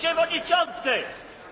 przewodniczący!